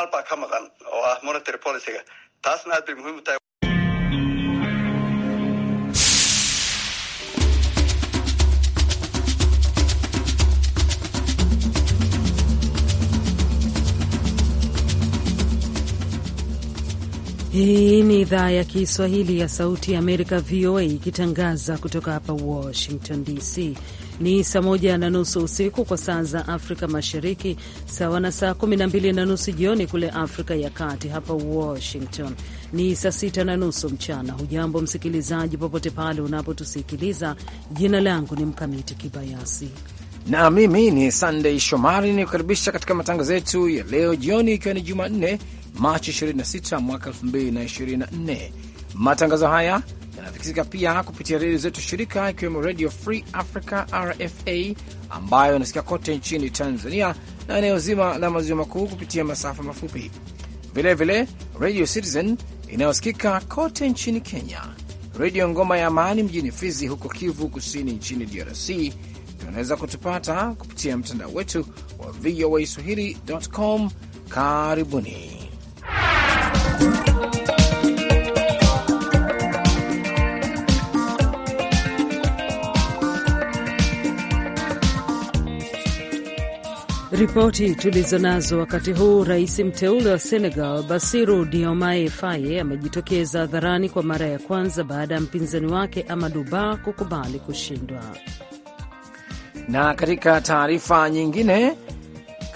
hal baa ka maqan oo ah monetary policyga taasna aad bay muhiim u tahay. Hii ni idhaa ya Kiswahili ya Sauti ya Amerika, VOA, ikitangaza kutoka hapa Washington DC. Ni saa moja na nusu usiku kwa saa za Afrika Mashariki, sawa na saa kumi na mbili na nusu jioni kule Afrika ya Kati. Hapa Washington ni saa sita na nusu mchana. Hujambo msikilizaji, popote pale unapotusikiliza. Jina langu ni Mkamiti Kibayasi na mimi ni sandey Shomari, nikukaribisha katika matangazo yetu ya leo jioni, ikiwa ni Jumanne Machi 26 mwaka 2024. Matangazo haya yanasikika pia kupitia redio zetu shirika, ikiwemo Redio Free Africa RFA ambayo inasikika kote nchini Tanzania na eneo zima la maziwa makuu kupitia masafa mafupi, vilevile radio Citizen inayosikika kote nchini Kenya, Redio Ngoma ya Amani mjini Fizi huko Kivu Kusini nchini DRC. Tunaweza kutupata kupitia mtandao wetu wa VOA swahili.com. Karibuni. Ripoti tulizonazo wakati huu, rais mteule wa Senegal Basiru Diomaye Faye amejitokeza hadharani kwa mara ya kwanza baada ya mpinzani wake Amadu Ba kukubali kushindwa. Na katika taarifa nyingine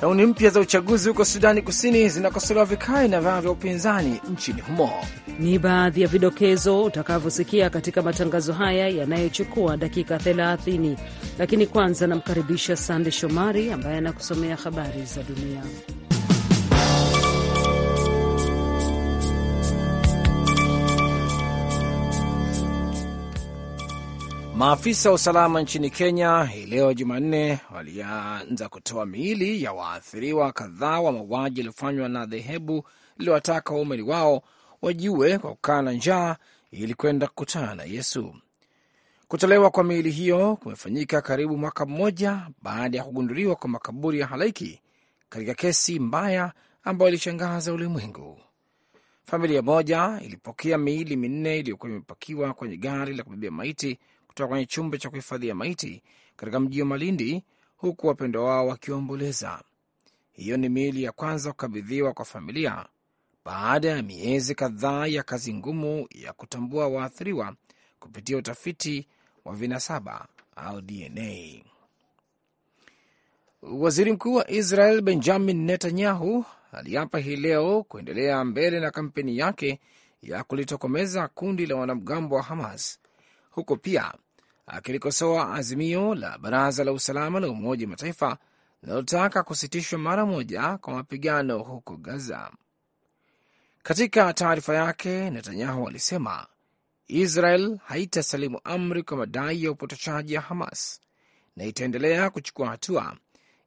Kauni mpya za uchaguzi huko Sudani Kusini zinakosolewa vikali na vyama vya upinzani nchini humo. Ni baadhi ya vidokezo utakavyosikia katika matangazo haya yanayochukua dakika 30, lakini kwanza namkaribisha Sande Shomari ambaye anakusomea habari za dunia. Maafisa wa usalama nchini Kenya hii leo Jumanne walianza kutoa miili ya waathiriwa kadhaa wa mauaji yaliyofanywa na dhehebu liliwataka waumini wao wajiue kwa kukaa na njaa ili kwenda kukutana na Yesu. Kutolewa kwa miili hiyo kumefanyika karibu mwaka mmoja baada ya kugunduliwa kwa makaburi ya halaiki katika kesi mbaya ambayo ilishangaza ulimwengu. Familia moja ilipokea miili minne iliyokuwa imepakiwa kwenye gari la kubebea maiti kutoka kwenye chumba cha kuhifadhia maiti katika mji wa Malindi, huku wapendwa wao wakiomboleza. Hiyo ni miili ya kwanza kukabidhiwa kwa familia baada ya miezi kadhaa ya kazi ngumu ya kutambua waathiriwa kupitia utafiti wa vinasaba au DNA. Waziri Mkuu wa Israel Benjamin Netanyahu aliapa hii leo kuendelea mbele na kampeni yake ya kulitokomeza kundi la wanamgambo wa Hamas, huko pia akilikosoa azimio la Baraza la Usalama la Umoja wa Mataifa linalotaka kusitishwa mara moja kwa mapigano huko Gaza. Katika taarifa yake, Netanyahu alisema Israel haitasalimu amri kwa madai ya upotoshaji ya Hamas na itaendelea kuchukua hatua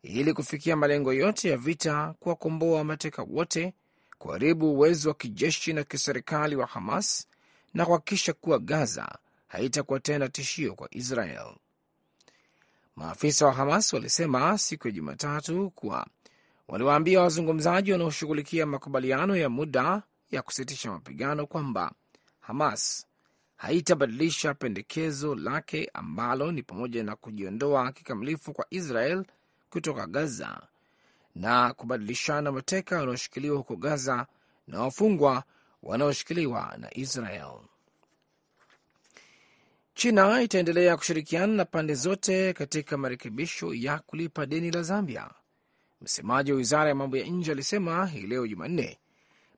ili kufikia malengo yote ya vita, kuwakomboa mateka wote, kuharibu uwezo wa kijeshi na kiserikali wa Hamas na kuhakikisha kuwa Gaza haitakuwa tena tishio kwa Israel. Maafisa wa Hamas walisema siku ya Jumatatu kuwa waliwaambia wazungumzaji wanaoshughulikia makubaliano ya muda ya kusitisha mapigano kwamba Hamas haitabadilisha pendekezo lake ambalo ni pamoja na kujiondoa kikamilifu kwa Israel kutoka Gaza na kubadilishana mateka wanaoshikiliwa huko Gaza na wafungwa wanaoshikiliwa na Israel. China itaendelea kushirikiana na pande zote katika marekebisho ya kulipa deni la Zambia, msemaji wa wizara ya mambo ya nje alisema hii leo Jumanne,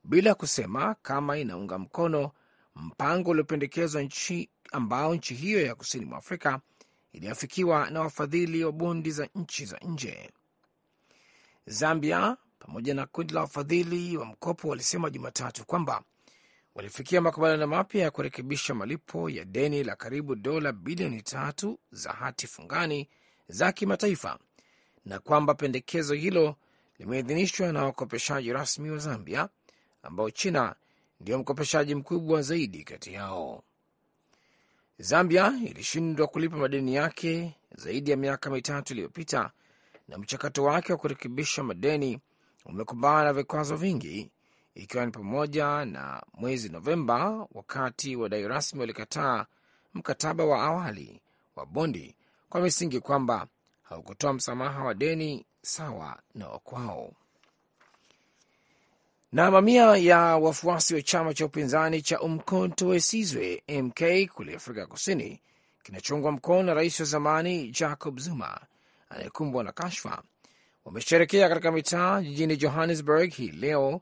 bila kusema kama inaunga mkono mpango uliopendekezwa nchi ambao nchi hiyo ya kusini mwa Afrika iliyofikiwa na wafadhili wa bondi za nchi za nje. Zambia pamoja na kundi la wafadhili wa mkopo walisema Jumatatu kwamba walifikia makubaliano mapya ya kurekebisha malipo ya deni la karibu dola bilioni tatu za hati fungani za kimataifa na kwamba pendekezo hilo limeidhinishwa na wakopeshaji rasmi wa Zambia ambao China ndiyo mkopeshaji mkubwa zaidi kati yao. Zambia ilishindwa kulipa madeni yake zaidi ya miaka mitatu iliyopita, na mchakato wake wa kurekebisha madeni umekumbana na vikwazo vingi ikiwa ni pamoja na mwezi Novemba, wakati wadai rasmi walikataa mkataba wa awali wa bondi kwa misingi kwamba haukutoa msamaha wa deni sawa na wakwao. Na mamia ya wafuasi wa chama cha upinzani cha Umkhonto weSizwe MK kule Afrika Kusini kinachoungwa mkono na rais wa zamani Jacob Zuma anayekumbwa na kashfa wamesherekea katika mitaa jijini Johannesburg hii leo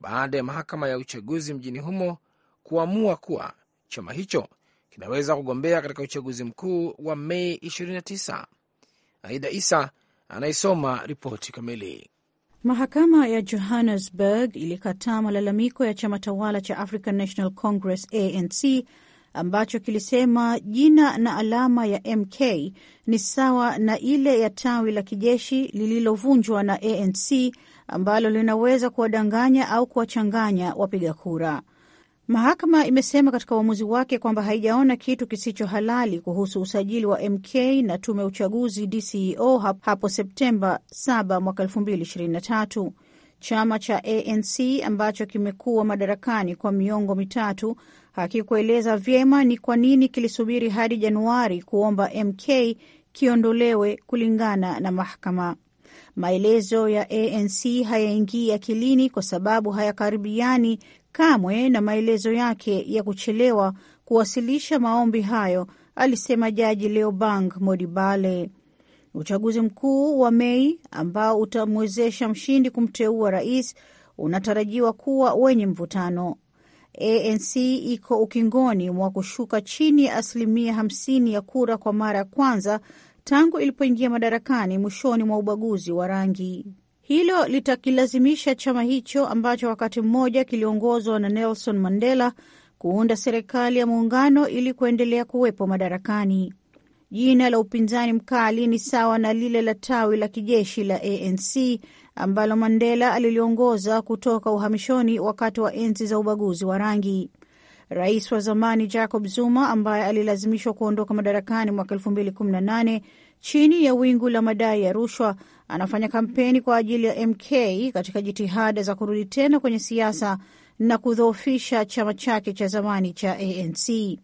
baada ya mahakama ya uchaguzi mjini humo kuamua kuwa chama hicho kinaweza kugombea katika uchaguzi mkuu wa Mei 29. Aida Isa anayesoma ripoti kamili. Mahakama ya Johannesburg ilikataa malalamiko ya chama tawala cha African National Congress, ANC, ambacho kilisema jina na alama ya MK ni sawa na ile ya tawi la kijeshi lililovunjwa na ANC ambalo linaweza kuwadanganya au kuwachanganya wapiga kura. Mahakama imesema katika uamuzi wake kwamba haijaona kitu kisicho halali kuhusu usajili wa MK na tume ya uchaguzi DCEO hapo Septemba 7 mwaka 2023. Chama cha ANC ambacho kimekuwa madarakani kwa miongo mitatu hakikueleza vyema ni kwa nini kilisubiri hadi Januari kuomba MK kiondolewe kulingana na mahakama. Maelezo ya ANC hayaingii akilini kwa sababu hayakaribiani kamwe na maelezo yake ya kuchelewa kuwasilisha maombi hayo, alisema Jaji Leobang Modibale. Uchaguzi mkuu wa Mei ambao utamwezesha mshindi kumteua rais unatarajiwa kuwa wenye mvutano. ANC iko ukingoni mwa kushuka chini ya asilimia 50 ya kura kwa mara ya kwanza tangu ilipoingia madarakani mwishoni mwa ubaguzi wa rangi. Hilo litakilazimisha chama hicho ambacho wakati mmoja kiliongozwa na Nelson Mandela kuunda serikali ya muungano ili kuendelea kuwepo madarakani. Jina la upinzani mkali ni sawa na lile la tawi la kijeshi la ANC ambalo Mandela aliliongoza kutoka uhamishoni wakati wa enzi za ubaguzi wa rangi. Rais wa zamani Jacob Zuma ambaye alilazimishwa kuondoka madarakani mwaka nane chini ya wingu la madai ya rushwa, anafanya kampeni kwa ajili ya MK katika jitihada za kurudi tena kwenye siasa na kudhoofisha chama chake cha zamani cha ANC.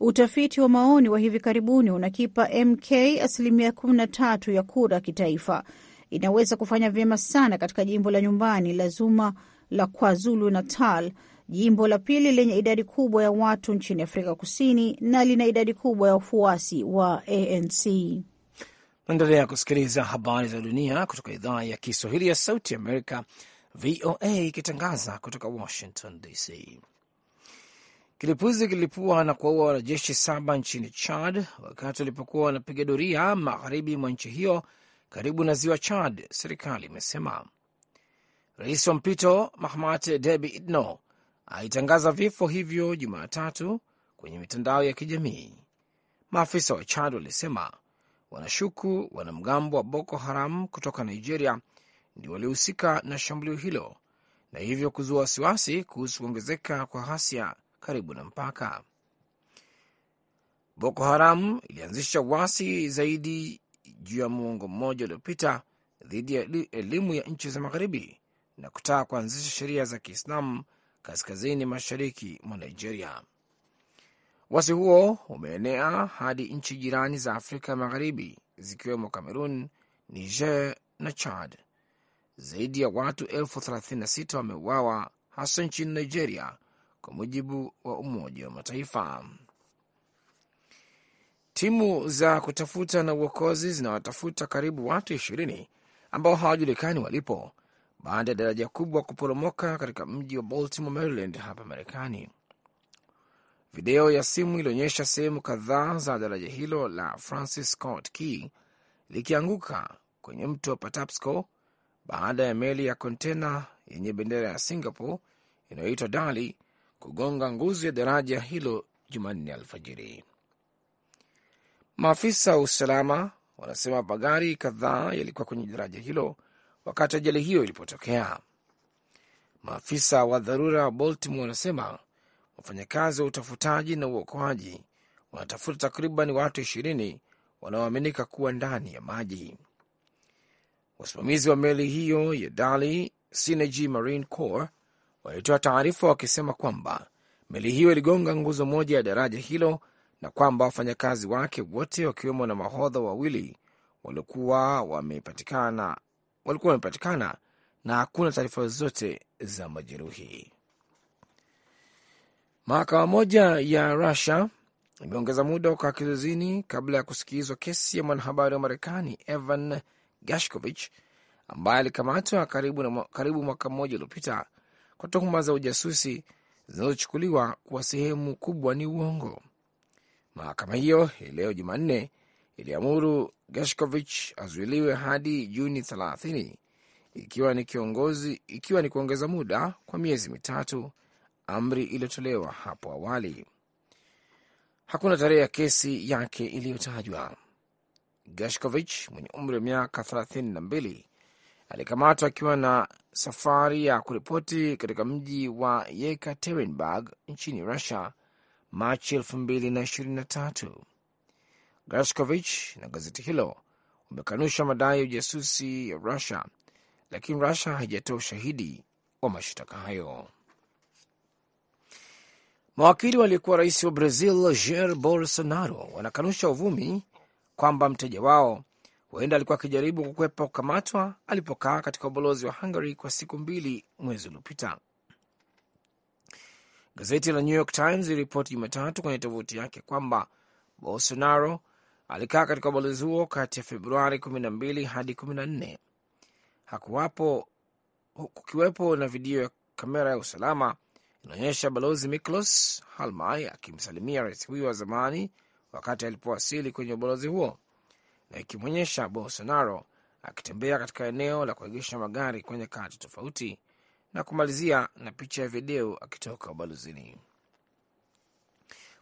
Utafiti wa maoni wa hivi karibuni unakipa MK asilimia 13 ya kura kitaifa. Inaweza kufanya vyema sana katika jimbo la nyumbani la Zuma la KwaZulu Natal jimbo la pili lenye idadi kubwa ya watu nchini Afrika Kusini na lina idadi kubwa ya wafuasi wa ANC. Naendelea kusikiliza habari za dunia kutoka idhaa ya Kiswahili ya Sauti Amerika, VOA, ikitangaza kutoka Washington DC. Kilipuzi kilipua na kuwaua wanajeshi saba nchini Chad wakati walipokuwa wanapiga doria magharibi mwa nchi hiyo karibu na ziwa Chad, serikali imesema. Rais wa mpito Mahamat Debi Itno alitangaza vifo hivyo Jumatatu kwenye mitandao ya kijamii. Maafisa wa Chad walisema wanashuku wanamgambo wa Boko Haram kutoka Nigeria ndio waliohusika na shambulio hilo na hivyo kuzua wasiwasi kuhusu kuongezeka kwa ghasia karibu na mpaka. Boko Haram ilianzisha wasi zaidi juu ya muongo mmoja uliopita dhidi ya elimu ya nchi za Magharibi na kutaka kuanzisha sheria za Kiislamu kaskazini mashariki mwa Nigeria. Wasi huo umeenea hadi nchi jirani za Afrika Magharibi, zikiwemo Cameroon, Niger na Chad. Zaidi ya watu elfu 36 wameuawa hasa nchini Nigeria, kwa mujibu wa Umoja wa Mataifa. Timu za kutafuta na uokozi zinawatafuta karibu watu ishirini ambao hawajulikani walipo baada ya daraja kubwa kuporomoka katika mji wa Baltimore, Maryland, hapa Marekani. Video ya simu ilionyesha sehemu kadhaa za daraja hilo la Francis Scott Key likianguka kwenye mto wa Patapsco baada ya meli ya kontena yenye bendera ya Singapore inayoitwa Dali kugonga nguzo ya daraja hilo Jumanne alfajiri. Maafisa wa usalama wanasema magari kadhaa yalikuwa kwenye daraja hilo wakati ajali hiyo ilipotokea. Maafisa wa dharura wa Baltimore wanasema wafanyakazi wa utafutaji na uokoaji wanatafuta takriban watu ishirini wanaoaminika kuwa ndani ya maji. Wasimamizi wa meli hiyo ya Dali Synergy Marine Corps walitoa taarifa wakisema kwamba meli hiyo iligonga nguzo moja ya daraja hilo na kwamba wafanyakazi wake wote wakiwemo na mahodha wawili waliokuwa wamepatikana walikuwa wamepatikana na hakuna taarifa zozote za majeruhi. Mahakama moja ya Rusia imeongeza muda kwa kizuizini kabla ya kusikilizwa kesi ya mwanahabari wa Marekani Evan Gashkovich ambaye alikamatwa karibu, karibu mwaka mmoja uliopita kwa tuhuma za ujasusi zinazochukuliwa kuwa sehemu kubwa ni uongo. Mahakama hiyo hii leo Jumanne iliamuru Geshkovich azuiliwe hadi Juni 30 ikiwa ni kiongozi, ikiwa ni kuongeza muda kwa miezi mitatu, amri iliyotolewa hapo awali. Hakuna tarehe ya kesi yake iliyotajwa. Gashkovich mwenye umri wa miaka 32 alikamatwa akiwa na safari ya kuripoti katika mji wa Yekaterinburg nchini Russia Machi 2023. Gashkovich na gazeti hilo wamekanusha madai ya ujasusi ya Rusia, lakini Rusia haijatoa ushahidi wa mashtaka hayo. Mawakili waliokuwa rais wa Brazil Jair Bolsonaro wanakanusha uvumi kwamba mteja wao huenda alikuwa akijaribu kukwepa kukamatwa alipokaa katika ubalozi wa Hungary kwa siku mbili mwezi uliopita. Gazeti la New York Times liliripoti Jumatatu kwenye tovuti yake kwamba Bolsonaro Alikaa katika ubalozi huo kati ya Februari 12 hadi 14. Hakuwapo kukiwepo na video ya kamera ya usalama inaonyesha balozi Miklos Halmai akimsalimia rais huyo wa zamani wakati alipowasili kwenye ubalozi huo na ikimwonyesha Bolsonaro akitembea katika eneo la kuegesha magari kwa nyakati tofauti na kumalizia na picha ya video akitoka ubalozini.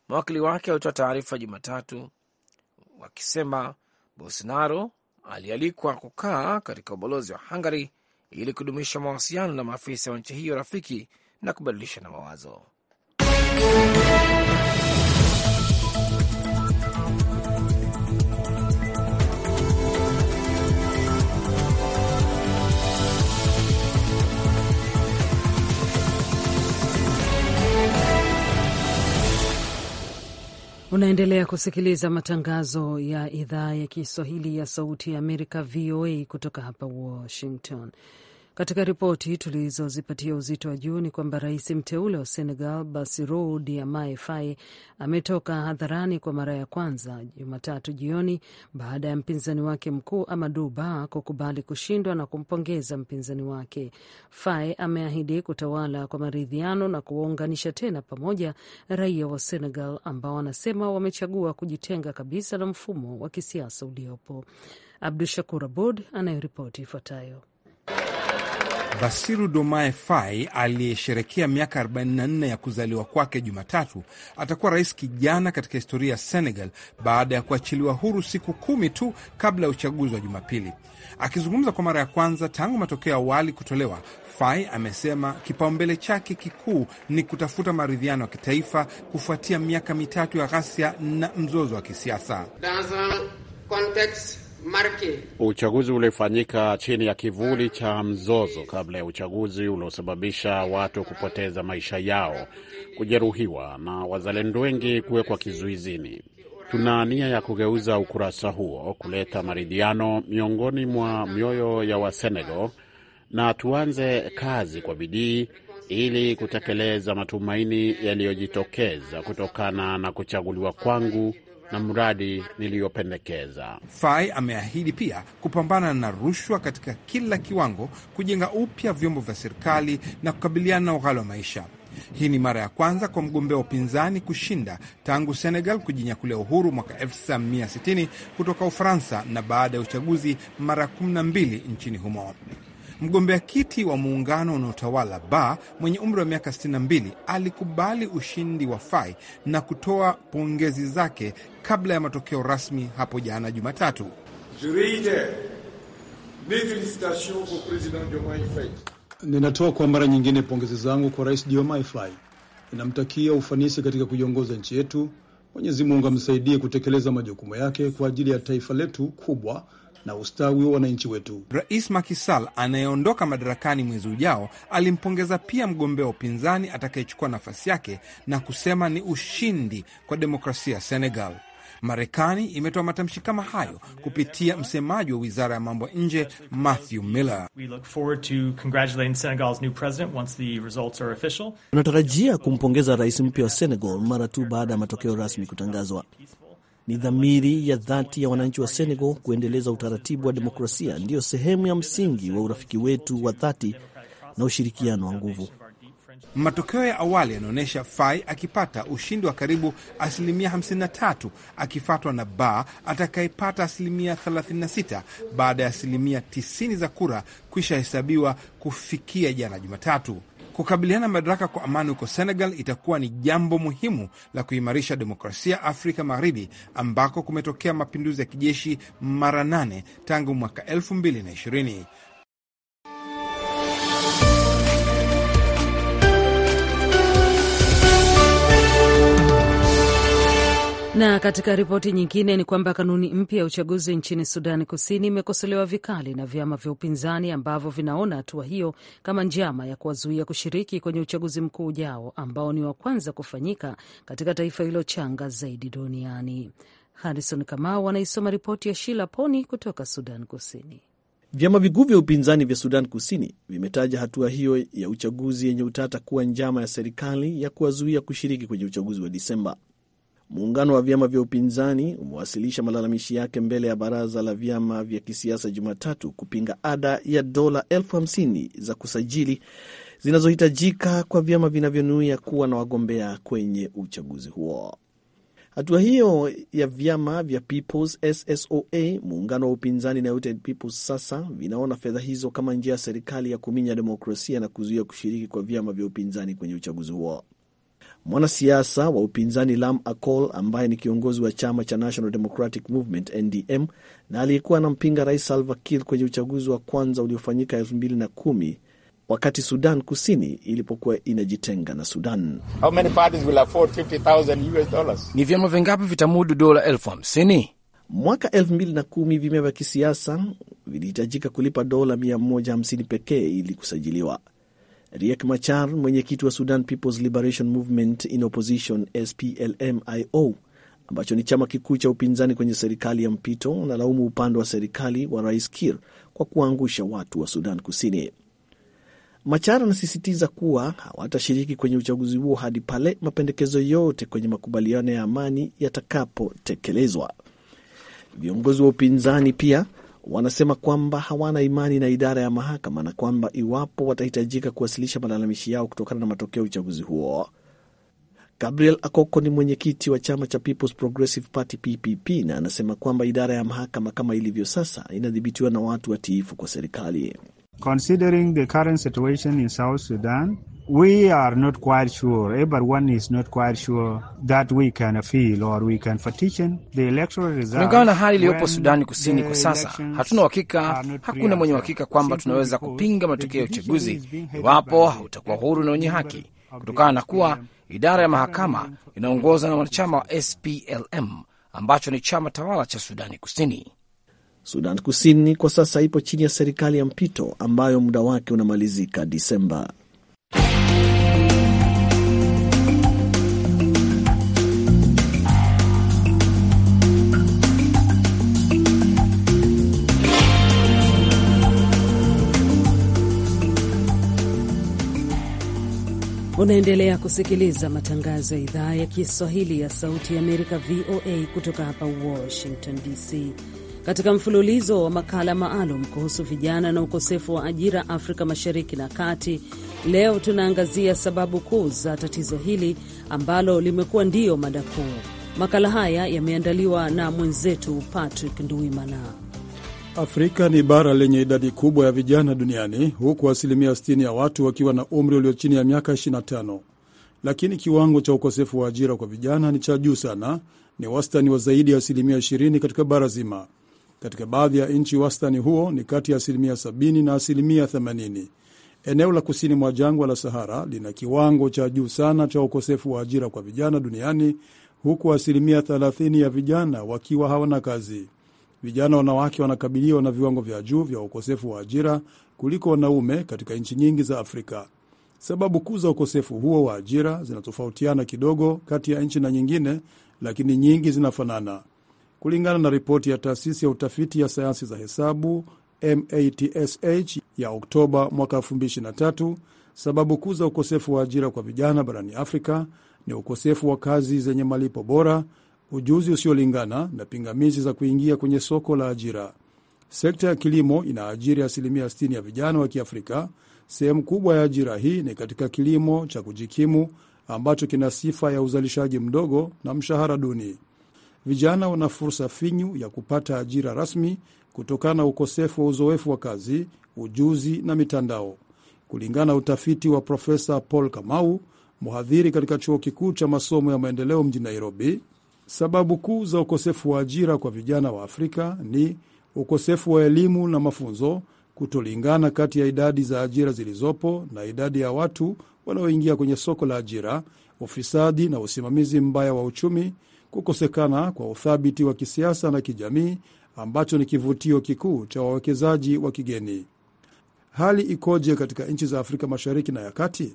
Mawakili wake walitoa taarifa Jumatatu wakisema Bolsonaro alialikwa kukaa katika ubalozi wa Hungary ili kudumisha mawasiliano na maafisa wa nchi hiyo rafiki na kubadilishana mawazo. Unaendelea kusikiliza matangazo ya idhaa ya Kiswahili ya Sauti ya Amerika, VOA, kutoka hapa Washington. Katika ripoti tulizozipatia uzito wa juu ni kwamba rais mteule wa Senegal Bassirou Diomaye Faye ametoka hadharani kwa mara ya kwanza Jumatatu jioni baada ya mpinzani wake mkuu Amadou Ba kukubali kushindwa na kumpongeza mpinzani wake. Faye ameahidi kutawala kwa maridhiano na kuwaunganisha tena pamoja raia wa Senegal ambao wanasema wamechagua kujitenga kabisa na mfumo wa kisiasa uliopo. Abdu Shakur Abud anayeripoti ifuatayo. Basiru Domae Fai aliyesherekea miaka 44 ya kuzaliwa kwake Jumatatu atakuwa rais kijana katika historia ya Senegal baada ya kuachiliwa huru siku kumi tu kabla ya uchaguzi wa Jumapili. Akizungumza kwa mara ya kwanza tangu matokeo ya awali kutolewa, Fai amesema kipaumbele chake kikuu ni kutafuta maridhiano ya kitaifa kufuatia miaka mitatu ya ghasia na mzozo wa kisiasa Uchaguzi ulifanyika chini ya kivuli cha mzozo kabla ya uchaguzi uliosababisha watu kupoteza maisha yao, kujeruhiwa na wazalendo wengi kuwekwa kizuizini. Tuna nia ya kugeuza ukurasa huo, kuleta maridhiano miongoni mwa mioyo ya Wasenegal na tuanze kazi kwa bidii ili kutekeleza matumaini yaliyojitokeza kutokana na kuchaguliwa kwangu na mradi niliyopendekeza. Fai ameahidi pia kupambana na rushwa katika kila kiwango, kujenga upya vyombo vya serikali na kukabiliana na ughali wa maisha. Hii ni mara ya kwanza kwa mgombea wa upinzani kushinda tangu Senegal kujinyakulia uhuru mwaka 1960 kutoka Ufaransa na baada ya uchaguzi mara 12 nchini humo. Mgombea kiti wa muungano unaotawala Ba mwenye umri wa miaka 62 alikubali ushindi wa Fai na kutoa pongezi zake kabla ya matokeo rasmi hapo jana Jumatatu. Ninatoa kwa mara nyingine pongezi zangu kwa Rais Diomaye Faye. Ninamtakia ufanisi katika kuiongoza nchi yetu. Mwenyezi Mungu amsaidie kutekeleza majukumu yake kwa ajili ya taifa letu kubwa na ustawi wa wananchi wetu. Rais Macky Sall anayeondoka madarakani mwezi ujao alimpongeza pia mgombea wa upinzani atakayechukua nafasi yake na kusema ni ushindi kwa demokrasia ya Senegal. Marekani imetoa matamshi kama hayo kupitia msemaji wa wizara ya mambo ya nje Matthew Miller. Tunatarajia kumpongeza rais mpya wa Senegal mara tu baada ya matokeo rasmi kutangazwa. Ni dhamiri ya dhati ya wananchi wa Senegal kuendeleza utaratibu wa demokrasia, ndiyo sehemu ya msingi wa urafiki wetu wa dhati na ushirikiano wa nguvu. Matokeo ya awali yanaonyesha Fai akipata ushindi wa karibu asilimia 53, akifuatwa na Ba atakayepata asilimia 36 baada ya asilimia 90 za kura kuishahesabiwa kufikia jana Jumatatu. Kukabiliana madaraka kwa amani huko Senegal itakuwa ni jambo muhimu la kuimarisha demokrasia Afrika Magharibi, ambako kumetokea mapinduzi ya kijeshi mara nane tangu mwaka 220 Na katika ripoti nyingine ni kwamba kanuni mpya ya uchaguzi nchini Sudani Kusini imekosolewa vikali na vyama vya upinzani ambavyo vinaona hatua hiyo kama njama ya kuwazuia kushiriki kwenye uchaguzi mkuu ujao ambao ni wa kwanza kufanyika katika taifa hilo changa zaidi duniani. Harrison Kamau anaisoma ripoti ya Shila Poni kutoka Sudan Kusini. Vyama vikuu vya upinzani vya Sudan Kusini vimetaja hatua hiyo ya uchaguzi yenye utata kuwa njama ya serikali ya kuwazuia kushiriki kwenye uchaguzi wa Disemba. Muungano wa vyama vya upinzani umewasilisha malalamishi yake mbele ya baraza la vyama vya kisiasa Jumatatu kupinga ada ya dola elfu hamsini za kusajili zinazohitajika kwa vyama vinavyonuia kuwa na wagombea kwenye uchaguzi huo. Hatua hiyo ya vyama vya Peoples SSOA, muungano wa upinzani na United Peoples sasa vinaona fedha hizo kama njia ya serikali ya kuminya demokrasia na kuzuia kushiriki kwa vyama vya upinzani kwenye uchaguzi huo. Mwanasiasa wa upinzani Lam Akol ambaye ni kiongozi wa chama cha National Democratic Movement NDM na aliyekuwa anampinga Rais Salva Kiir kwenye uchaguzi wa kwanza uliofanyika 2010 wakati Sudan Kusini ilipokuwa inajitenga na Sudan. How many parties will afford 50,000 US dollars? Ni vyama vingapi vitamudu dola elfu hamsini? Mwaka 2010 vyama vya kisiasa vilihitajika kulipa dola 150 pekee ili kusajiliwa. Riek Machar, mwenyekiti wa Sudan People's Liberation Movement in Opposition SPLMIO, ambacho ni chama kikuu cha upinzani kwenye serikali ya mpito, analaumu upande wa serikali wa Rais Kir kwa kuangusha watu wa Sudan Kusini. Machar anasisitiza kuwa hawatashiriki kwenye uchaguzi huo hadi pale mapendekezo yote kwenye makubaliano ya amani yatakapotekelezwa. Viongozi wa upinzani pia wanasema kwamba hawana imani na idara ya mahakama na kwamba iwapo watahitajika kuwasilisha malalamishi yao kutokana na matokeo ya uchaguzi huo. Gabriel Akoko ni mwenyekiti wa chama cha People's Progressive Party PPP na anasema kwamba idara ya mahakama kama ilivyo sasa inadhibitiwa na watu watiifu kwa serikali. Considering the current situation in South Sudan, we are not quite sure, everyone is not quite sure that we can feel or we can petition the electoral results. Kulingana na hali iliyopo Sudani Kusini kwa sasa, hatuna uhakika, hakuna mwenye uhakika kwamba tunaweza kupinga matokeo ya uchaguzi iwapo hautakuwa huru na wenye haki, kutokana na kuwa idara ya mahakama inaongozwa na wanachama wa SPLM ambacho ni chama tawala cha Sudani Kusini. Sudan Kusini kwa sasa ipo chini ya serikali ya mpito ambayo muda wake unamalizika Disemba. Unaendelea kusikiliza matangazo ya idhaa ya Kiswahili ya Sauti ya Amerika, VOA, kutoka hapa Washington DC katika mfululizo wa makala maalum kuhusu vijana na ukosefu wa ajira Afrika Mashariki na Kati. Leo tunaangazia sababu kuu za tatizo hili ambalo limekuwa ndiyo mada kuu. Makala haya yameandaliwa na mwenzetu Patrick Nduimana. Afrika ni bara lenye idadi kubwa ya vijana duniani, huku asilimia 60 ya watu wakiwa na umri ulio chini ya miaka 25, lakini kiwango cha ukosefu wa ajira kwa vijana ni cha juu sana, ni wastani wa zaidi ya asilimia 20 katika bara zima. Katika baadhi ya nchi wastani huo ni kati ya asilimia 70 na asilimia 80. Eneo la kusini mwa jangwa la Sahara lina kiwango cha juu sana cha ukosefu wa ajira kwa vijana duniani, huku asilimia 30 ya vijana wakiwa hawana kazi. Vijana wanawake wanakabiliwa na viwango vya juu vya ukosefu wa ajira kuliko wanaume katika nchi nyingi za Afrika. Sababu kuu za ukosefu huo wa ajira zinatofautiana kidogo kati ya nchi na nyingine, lakini nyingi zinafanana kulingana na ripoti ya taasisi ya utafiti ya sayansi za hesabu MATSH ya Oktoba mwaka 2023. Sababu kuu za ukosefu wa ajira kwa vijana barani Afrika ni ukosefu wa kazi zenye malipo bora, ujuzi usiolingana na pingamizi za kuingia kwenye soko la ajira. Sekta ya kilimo inaajiri asilimia 60 ya vijana wa Kiafrika. Sehemu kubwa ya ajira hii ni katika kilimo cha kujikimu ambacho kina sifa ya uzalishaji mdogo na mshahara duni vijana wana fursa finyu ya kupata ajira rasmi kutokana na ukosefu wa uzoefu wa kazi, ujuzi na mitandao. Kulingana na utafiti wa Profesa Paul Kamau, mhadhiri katika chuo kikuu cha masomo ya maendeleo mjini Nairobi, sababu kuu za ukosefu wa ajira kwa vijana wa Afrika ni ukosefu wa elimu na mafunzo, kutolingana kati ya idadi za ajira zilizopo na idadi ya watu wanaoingia kwenye soko la ajira, ufisadi na usimamizi mbaya wa uchumi, kukosekana kwa uthabiti wa kisiasa na kijamii ambacho ni kivutio kikuu cha wawekezaji wa kigeni. Hali ikoje katika nchi za Afrika Mashariki na ya Kati?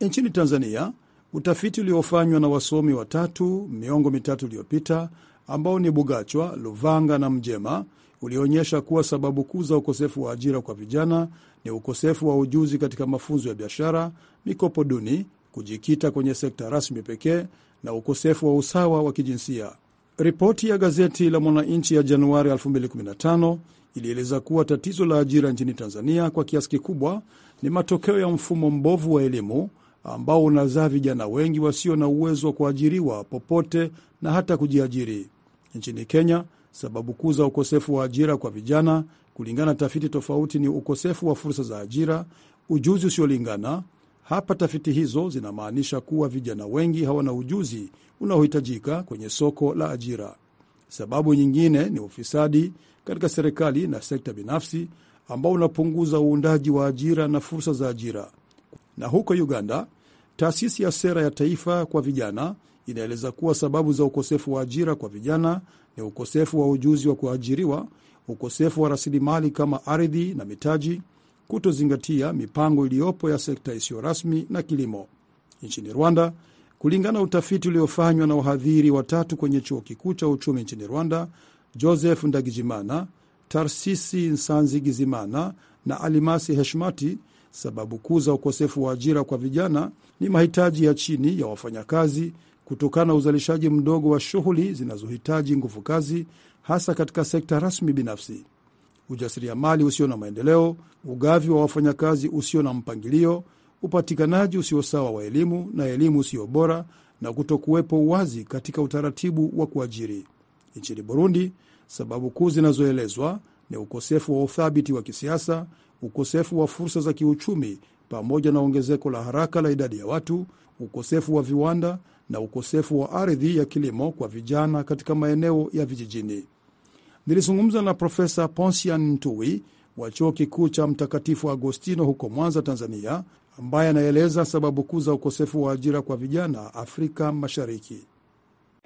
Nchini Tanzania, utafiti uliofanywa na wasomi watatu miongo mitatu iliyopita ambao ni Bugachwa, Luvanga na Mjema ulionyesha kuwa sababu kuu za ukosefu wa ajira kwa vijana ni ukosefu wa ujuzi katika mafunzo ya biashara, mikopo duni, kujikita kwenye sekta rasmi pekee na ukosefu wa usawa wa kijinsia. Ripoti ya gazeti la Mwananchi ya Januari 2015 ilieleza kuwa tatizo la ajira nchini Tanzania kwa kiasi kikubwa ni matokeo ya mfumo mbovu wa elimu ambao unazaa vijana wengi wasio na uwezo wa kuajiriwa popote na hata kujiajiri. Nchini Kenya, sababu kuu za ukosefu wa ajira kwa vijana kulingana na tafiti tofauti ni ukosefu wa fursa za ajira, ujuzi usiolingana, hapa tafiti hizo zinamaanisha kuwa vijana wengi hawana ujuzi unaohitajika kwenye soko la ajira. Sababu nyingine ni ufisadi katika serikali na sekta binafsi ambao unapunguza uundaji wa ajira na fursa za ajira. Na huko Uganda, taasisi ya sera ya taifa kwa vijana inaeleza kuwa sababu za ukosefu wa ajira kwa vijana ni ukosefu wa ujuzi wa kuajiriwa, ukosefu wa rasilimali kama ardhi na mitaji, kutozingatia mipango iliyopo ya sekta isiyo rasmi na kilimo. Nchini Rwanda, kulingana na utafiti uliofanywa na wahadhiri watatu kwenye chuo kikuu cha uchumi nchini Rwanda, Joseph Ndagijimana, Tarsisi Nsanzigizimana na Alimasi Heshmati, sababu kuu za ukosefu wa ajira kwa vijana ni mahitaji ya chini ya wafanyakazi kutokana na uzalishaji mdogo wa shughuli zinazohitaji nguvu kazi, hasa katika sekta rasmi binafsi ujasiriamali usio na maendeleo, ugavi wa wafanyakazi usio na mpangilio, upatikanaji usio sawa wa elimu na elimu usio bora, na kutokuwepo uwazi katika utaratibu wa kuajiri. Nchini Burundi, sababu kuu zinazoelezwa ni ukosefu wa uthabiti wa kisiasa, ukosefu wa fursa za kiuchumi, pamoja na ongezeko la haraka la idadi ya watu, ukosefu wa viwanda na ukosefu wa ardhi ya kilimo kwa vijana katika maeneo ya vijijini. Nilizungumza na Profesa Ponsian Ntui wa chuo kikuu cha Mtakatifu Agostino huko Mwanza, Tanzania, ambaye anaeleza sababu kuu za ukosefu wa ajira kwa vijana Afrika Mashariki.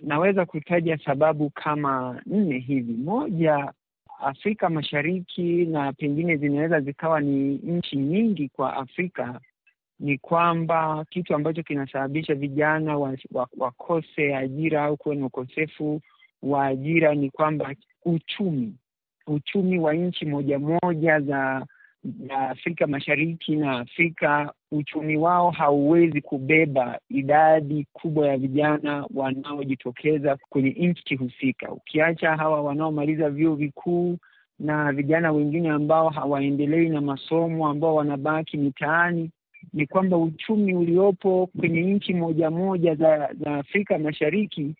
Naweza kutaja sababu kama nne hivi. Moja, Afrika Mashariki na pengine zinaweza zikawa ni nchi nyingi kwa Afrika, ni kwamba kitu ambacho kinasababisha vijana wakose wa, wa ajira au kuwe na ukosefu wa ajira ni kwamba uchumi uchumi wa nchi moja moja za za Afrika Mashariki na Afrika, uchumi wao hauwezi kubeba idadi kubwa ya vijana wanaojitokeza kwenye nchi husika, ukiacha hawa wanaomaliza vyuo vikuu na vijana wengine ambao hawaendelei na masomo, ambao wanabaki mitaani. Ni kwamba uchumi uliopo kwenye nchi moja moja za, za Afrika Mashariki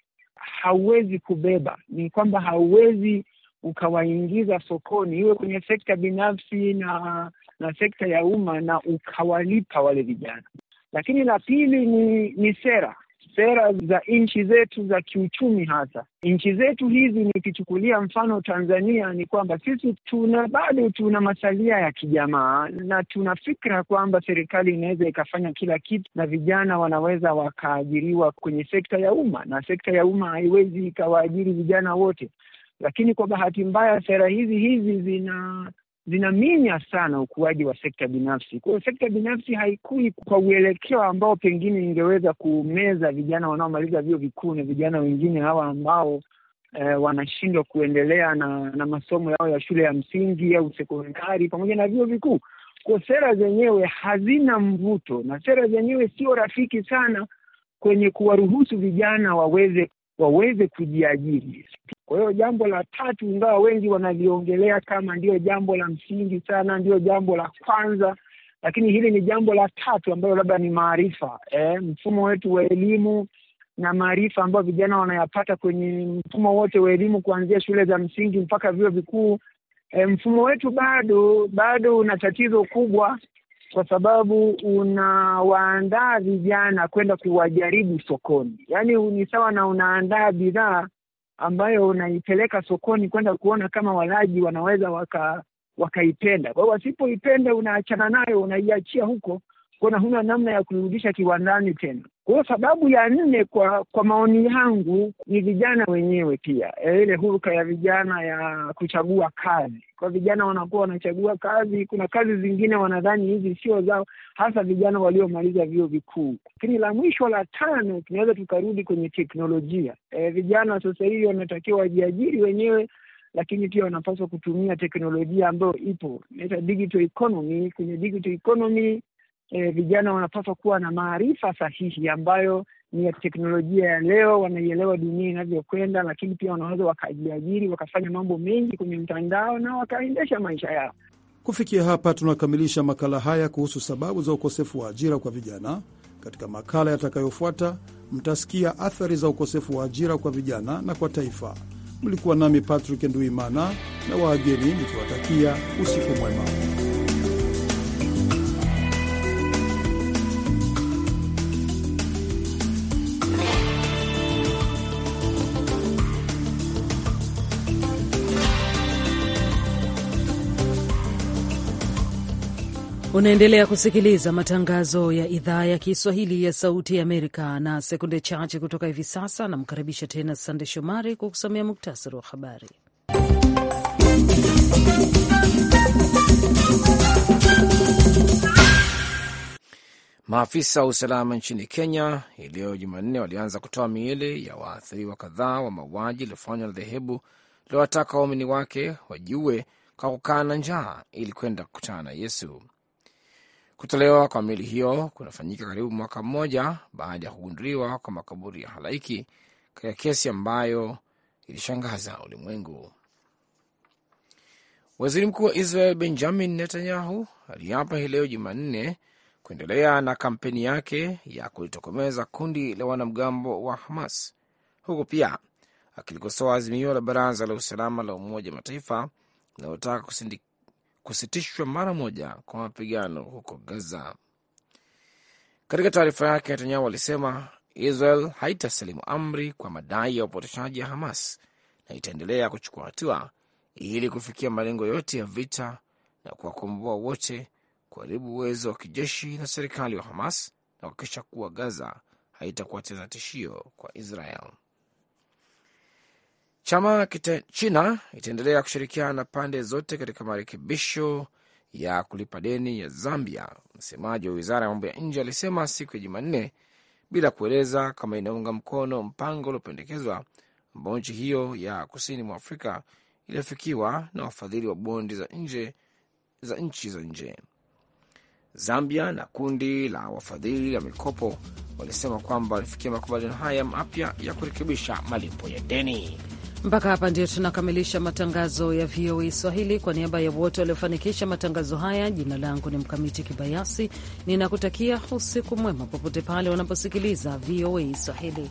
hauwezi kubeba, ni kwamba hauwezi ukawaingiza sokoni, iwe kwenye sekta binafsi na na sekta ya umma, na ukawalipa wale vijana. Lakini la pili ni ni sera sera za nchi zetu za kiuchumi. Hasa nchi zetu hizi, nikichukulia mfano Tanzania, ni kwamba sisi tuna bado tuna masalia ya kijamaa na tuna fikra kwamba serikali inaweza ikafanya kila kitu na vijana wanaweza wakaajiriwa kwenye sekta ya umma, na sekta ya umma haiwezi ikawaajiri vijana wote, lakini kwa bahati mbaya sera hizi hizi zina zinaminya sana ukuaji wa sekta binafsi. Kwa hiyo sekta binafsi haikui kwa uelekeo ambao pengine ingeweza kumeza vijana wanaomaliza vyuo vikuu na vijana wengine hawa ambao eh, wanashindwa kuendelea na, na masomo yao ya shule ya msingi au sekondari pamoja na vyuo vikuu. Kwa sera zenyewe hazina mvuto na sera zenyewe sio rafiki sana kwenye kuwaruhusu vijana waweze waweze kujiajiri. Kwa hiyo jambo la tatu, ingawa wengi wanaliongelea kama ndiyo jambo la msingi sana, ndiyo jambo la kwanza, lakini hili ni jambo la tatu ambalo labda ni maarifa eh, mfumo wetu wa elimu na maarifa ambayo vijana wanayapata kwenye mfumo wote wa elimu kuanzia shule za msingi mpaka vyuo vikuu. E, mfumo wetu bado bado una tatizo kubwa kwa sababu unawaandaa vijana kwenda kuwajaribu sokoni. Yaani ni sawa na unaandaa bidhaa ambayo unaipeleka sokoni kwenda kuona kama walaji wanaweza waka wakaipenda. Kwa hiyo wasipoipenda, unaachana nayo, unaiachia huko, kuona huna namna ya kurudisha kiwandani tena. Kwa hiyo sababu ya nne, kwa kwa maoni yangu, ni vijana wenyewe pia, e, ile huruka ya vijana ya kuchagua kazi. Kwa vijana wanakuwa wanachagua kazi, kuna kazi zingine wanadhani hizi sio zao, hasa vijana waliomaliza vyuo vikuu. Lakini la mwisho la tano, tunaweza tukarudi kwenye teknolojia. E, vijana sasa hivi wanatakiwa wajiajiri wenyewe lakini pia wanapaswa kutumia teknolojia ambayo ipo, inaitwa digital economy. Kwenye digital economy e, vijana wanapaswa kuwa na maarifa sahihi ambayo ni ya teknolojia ya leo, wanaielewa dunia inavyokwenda, lakini pia wanaweza wakajiajiri, wakafanya mambo mengi kwenye mtandao na wakaendesha maisha yao. Kufikia hapa, tunakamilisha makala haya kuhusu sababu za ukosefu wa ajira kwa vijana. Katika makala yatakayofuata, mtasikia athari za ukosefu wa ajira kwa vijana na kwa taifa. Mlikuwa nami Patrick Nduimana na wageni nikiwatakia usiku mwema. Unaendelea kusikiliza matangazo ya idhaa ya Kiswahili ya Sauti ya Amerika. Na sekunde chache kutoka hivi sasa, namkaribisha tena Sande Shomari kwa kusomea muktasari wa habari. Maafisa wa usalama nchini Kenya hii leo Jumanne walianza kutoa miili ya waathiriwa kadhaa wa mauaji iliyofanywa na dhehebu lilowataka waumini wake wajiue kwa kukaa na njaa ili kwenda kukutana na Yesu. Kutolewa kwa meli hiyo kunafanyika karibu mwaka mmoja baada ya kugunduliwa kwa makaburi ya halaiki katika kesi ambayo ilishangaza ulimwengu. Waziri mkuu wa Israel Benjamin Netanyahu aliapa hii leo Jumanne kuendelea na kampeni yake ya kulitokomeza kundi la wanamgambo wa Hamas, huku pia akilikosoa azimio la Baraza la Usalama la Umoja Mataifa linalotaka kusitishwa mara moja kwa mapigano huko Gaza. Katika taarifa yake, Netanyahu alisema Israel haitasalimu amri kwa madai ya upotoshaji ya Hamas na itaendelea kuchukua hatua ili kufikia malengo yote ya vita na kuwakomboa wote, kuharibu uwezo wa kijeshi na serikali wa Hamas na kuhakikisha kuwa Gaza haitakuwa tena tishio kwa Israel. Chama China itaendelea kushirikiana na pande zote katika marekebisho ya kulipa deni ya Zambia, msemaji wa wizara ya mambo ya nje alisema siku ya Jumanne, bila kueleza kama inaunga mkono mpango uliopendekezwa ambao nchi hiyo ya kusini mwa Afrika iliyofikiwa na wafadhili wa bondi za nje za nchi za nje. Zambia na kundi la wafadhili la mikopo walisema kwamba walifikia makubaliano haya mapya ya kurekebisha malipo ya deni. Mpaka hapa ndio tunakamilisha matangazo ya VOA Swahili. Kwa niaba ya wote waliofanikisha matangazo haya, jina langu ni Mkamiti Kibayasi, ninakutakia usiku mwema popote pale unaposikiliza VOA Swahili.